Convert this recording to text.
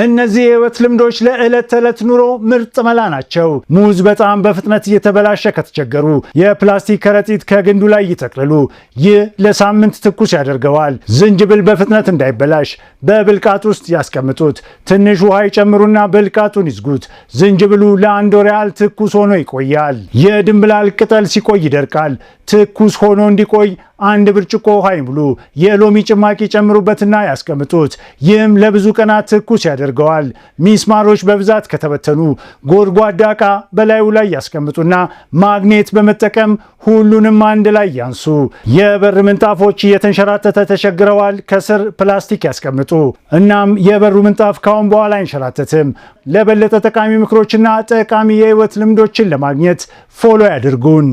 እነዚህ የህይወት ልምዶች ለዕለት ተዕለት ኑሮ ምርጥ መላ ናቸው። ሙዝ በጣም በፍጥነት እየተበላሸ ከተቸገሩ የፕላስቲክ ከረጢት ከግንዱ ላይ ይጠቅልሉ። ይህ ለሳምንት ትኩስ ያደርገዋል። ዝንጅብል በፍጥነት እንዳይበላሽ በብልቃት ውስጥ ያስቀምጡት። ትንሽ ውሃ ይጨምሩና ብልቃጡን ይዝጉት። ዝንጅብሉ ለአንድ ወር ያህል ትኩስ ሆኖ ይቆያል። የድንብላል ቅጠል ሲቆይ ይደርቃል። ትኩስ ሆኖ እንዲቆይ አንድ ብርጭቆ ውሃ ይሙሉ፣ የሎሚ ጭማቂ ጨምሩበትና ያስቀምጡት። ይህም ለብዙ ቀናት ትኩስ ያደርገዋል። ሚስማሮች በብዛት ከተበተኑ ጎድጓዳ ዕቃ በላዩ ላይ ያስቀምጡና ማግኔት በመጠቀም ሁሉንም አንድ ላይ ያንሱ። የበር ምንጣፎች እየተንሸራተተ ተቸግረዋል? ከስር ፕላስቲክ ያስቀምጡ። እናም የበሩ ምንጣፍ ካሁን በኋላ አይንሸራተትም። ለበለጠ ጠቃሚ ምክሮችና ጠቃሚ የህይወት ልምዶችን ለማግኘት ፎሎ ያድርጉን።